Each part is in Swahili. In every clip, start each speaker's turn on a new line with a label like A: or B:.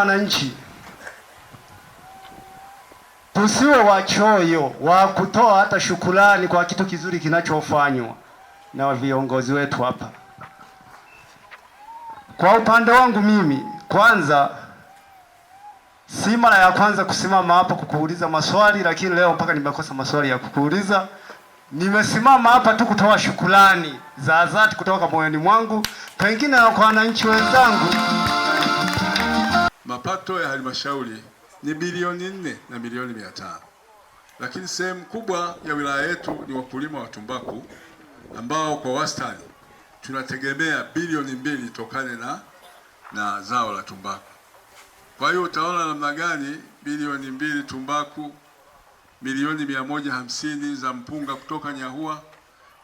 A: wananchi, tusiwe wachoyo wa kutoa hata shukurani kwa kitu kizuri kinachofanywa na viongozi wetu hapa. Kwa upande wangu mimi, kwanza si mara ya kwanza kusimama hapa kukuuliza maswali, lakini leo mpaka nimekosa maswali ya kukuuliza. Nimesimama hapa tu kutoa shukurani za dhati kutoka moyoni mwangu, pengine kwa wananchi wenzangu
B: mapato ya halmashauri ni bilioni nne na milioni mia tano lakini sehemu kubwa ya wilaya yetu ni wakulima wa tumbaku ambao kwa wastani tunategemea bilioni mbili tokane na, na zao la tumbaku. Kwa hiyo utaona namna gani bilioni mbili tumbaku, milioni mia moja hamsini za mpunga kutoka Nyahua,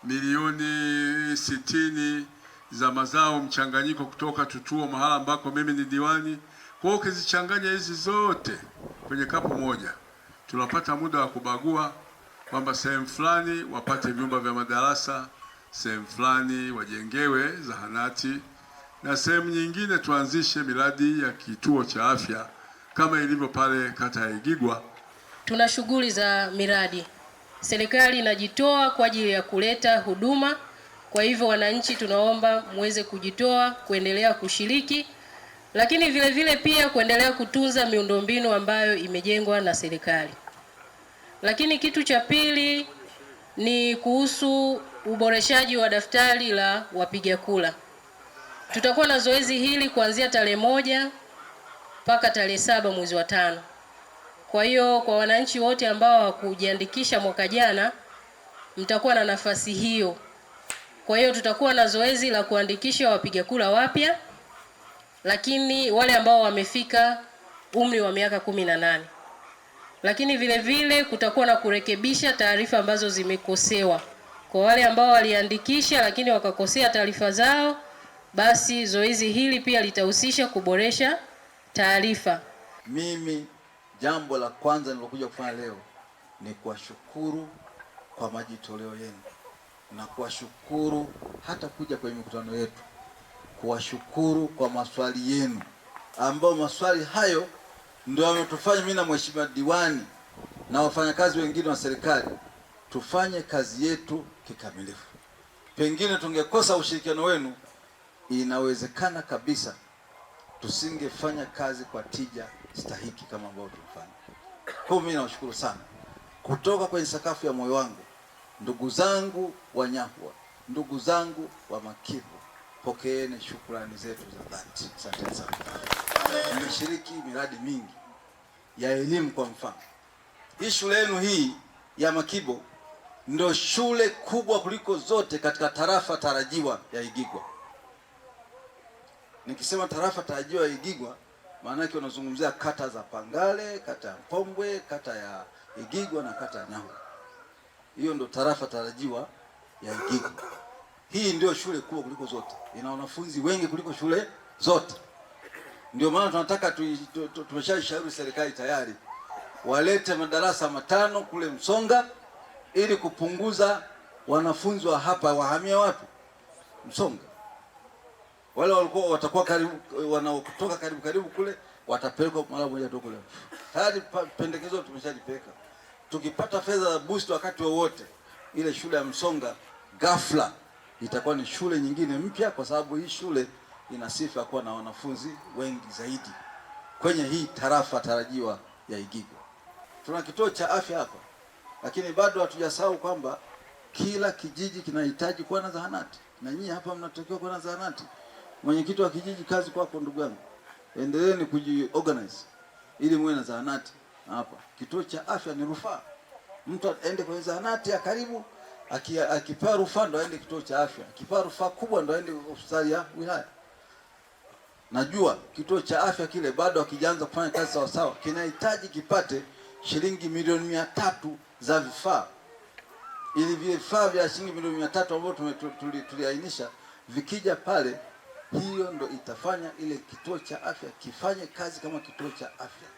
B: milioni sitini za mazao mchanganyiko kutoka Tutuo mahala ambako mimi ni diwani kwa hiyo ukizichanganya hizi zote kwenye kapu moja, tunapata muda wa kubagua kwamba sehemu fulani wapate vyumba vya madarasa, sehemu fulani wajengewe zahanati na sehemu nyingine tuanzishe miradi ya kituo cha afya kama ilivyo pale kata ya Igigwa.
C: Tuna shughuli za miradi, serikali inajitoa kwa ajili ya kuleta huduma. Kwa hivyo, wananchi tunaomba muweze kujitoa kuendelea kushiriki lakini vile vile pia kuendelea kutunza miundombinu ambayo imejengwa na serikali. Lakini kitu cha pili ni kuhusu uboreshaji wa daftari la wapiga kura. Tutakuwa na zoezi hili kuanzia tarehe moja mpaka tarehe saba mwezi wa tano. Kwa hiyo kwa wananchi wote ambao hawakujiandikisha mwaka jana, mtakuwa na nafasi hiyo. Kwa hiyo tutakuwa na zoezi la kuandikisha wapiga kura wapya lakini wale ambao wamefika umri wa miaka kumi na nane lakini vile vile kutakuwa na kurekebisha taarifa ambazo zimekosewa kwa wale ambao waliandikisha lakini wakakosea taarifa zao, basi zoezi hili pia litahusisha kuboresha taarifa.
A: Mimi jambo la kwanza nilokuja kufanya leo ni kuwashukuru kwa majitoleo yenu na kuwashukuru hata kuja kwenye mikutano yetu kuwashukuru kwa maswali yenu, ambayo maswali hayo ndio yametufanya mimi na mheshimiwa diwani na wafanyakazi wengine wa serikali tufanye kazi yetu kikamilifu. Pengine tungekosa ushirikiano wenu, inawezekana kabisa tusingefanya kazi kwa tija stahiki kama ambavyo tumefanya. Kwa mimi nawashukuru sana kutoka kwenye sakafu ya moyo wangu, ndugu zangu Wanyahwa, ndugu zangu wa Makivu, pokeeni shukrani zetu za dhati. Asante sana. Mmeshiriki miradi mingi ya elimu. Kwa mfano, hii shule yenu hii ya Makibo ndio shule kubwa kuliko zote katika tarafa tarajiwa ya Igigwa. Nikisema tarafa tarajiwa ya Igigwa, maana yake unazungumzia kata za Pangale, kata ya Pombwe, kata ya Igigwa na kata ya Nyahu. Hiyo ndio tarafa tarajiwa ya Igigwa. Hii ndio shule kubwa kuliko zote, ina wanafunzi wengi kuliko shule zote. Ndio maana tunataka tumeshaishauri serikali tayari walete madarasa matano kule Msonga ili kupunguza wanafunzi wa hapa wahamia wapi? Msonga. Wale walikuwa watakuwa karibu wanaotoka karibu karibu kule watapelekwa mara moja tu kule. Tayari pendekezo tumeshalipeleka. Tukipata fedha za boost wakati wowote wa ile shule ya Msonga ghafla itakuwa ni shule nyingine mpya, kwa sababu hii shule ina sifa kuwa na wanafunzi wengi zaidi kwenye hii tarafa tarajiwa ya Igigwa. Tuna kituo cha afya hapa, lakini bado hatujasahau kwamba kila kijiji kinahitaji kuwa na zahanati, na nyinyi hapa mnatakiwa kuwa na zahanati. Mwenyekiti wa kijiji, kazi kwako ndugu yangu, endeleeni kujiorganize ili muwe na zahanati hapa. Kituo cha afya ni rufaa, mtu aende kwenye zahanati ya karibu akipewa rufaa ndo aende kituo cha afya, akipewa rufaa kubwa ndo aende hospitali ya wilaya. Najua kituo cha afya kile bado akijaanza kufanya kazi sawasawa, kinahitaji kipate shilingi milioni mia tatu za vifaa, ili vifaa vya shilingi milioni mia tatu ambavyo tuliainisha vikija pale, hiyo ndo itafanya ile kituo cha afya kifanye kazi kama kituo cha afya,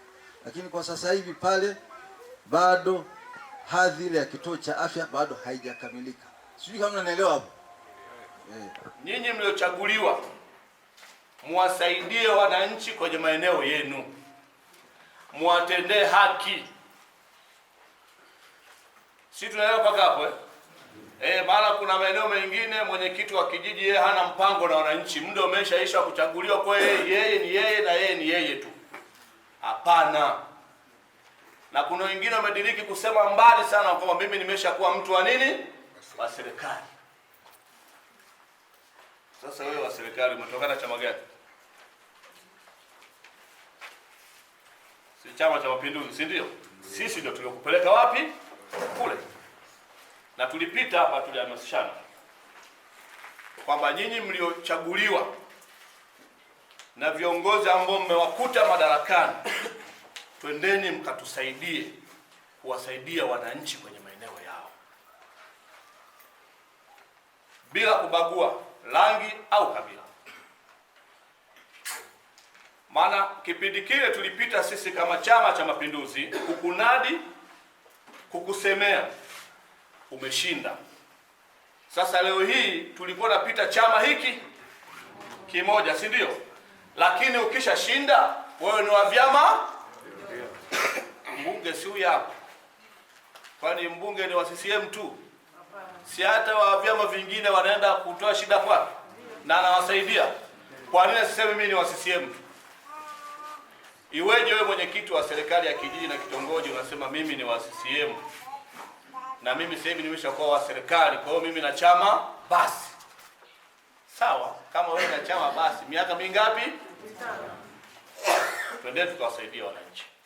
A: lakini kwa sasa hivi pale bado hadhi ile ya kituo cha afya bado haijakamilika. Sijui kama unanielewa hapo
D: eh. Nyinyi mliochaguliwa muwasaidie wananchi kwenye maeneo yenu, muwatendee haki. Si tunaelewa mpaka hapo eh? Eh, maana kuna maeneo mengine mwenyekiti wa kijiji yeye hana mpango na wananchi, muda umeshaisha kuchaguliwa, kwa yeye yeye ni yeye na yeye ni yeye tu. Hapana na kuna wengine wamediriki kusema mbali sana kwamba mimi nimeshakuwa mtu wa nini wa serikali. Sasa wewe wa serikali umetokana chama gani? Si Chama cha Mapinduzi, si ndio? Sisi ndio tuliokupeleka wapi kule, na tulipita hapa, tulihamasishana kwamba nyinyi mliochaguliwa na viongozi ambao mmewakuta madarakani twendeni mkatusaidie kuwasaidia wananchi kwenye maeneo yao bila kubagua rangi au kabila. Maana kipindi kile tulipita sisi kama Chama cha Mapinduzi kukunadi, kukusemea umeshinda. Sasa leo hii tulikuwa napita chama hiki kimoja, si ndio? Lakini ukishashinda wewe ni wa vyama juu yako. Kwani mbunge ni wa CCM tu? Si hata wa vyama vingine wanaenda kutoa shida kwake na anawasaidia. Kwa nini asiseme mimi ni wa CCM tu? Iweje wewe mwenyekiti wa serikali ya kijiji na kitongoji unasema mimi ni wa CCM na mimi sasa hivi nimeshakuwa wa serikali, kwa hiyo mimi na chama basi. Sawa, kama wewe na chama basi, miaka mingapi? Mitano. Twendeni tukawasaidia wananchi.